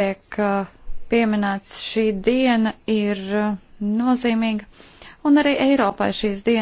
tiek uh, pieminēts šī diena, ir uh, nozīmīga, un arī Eiropai šīs dienas.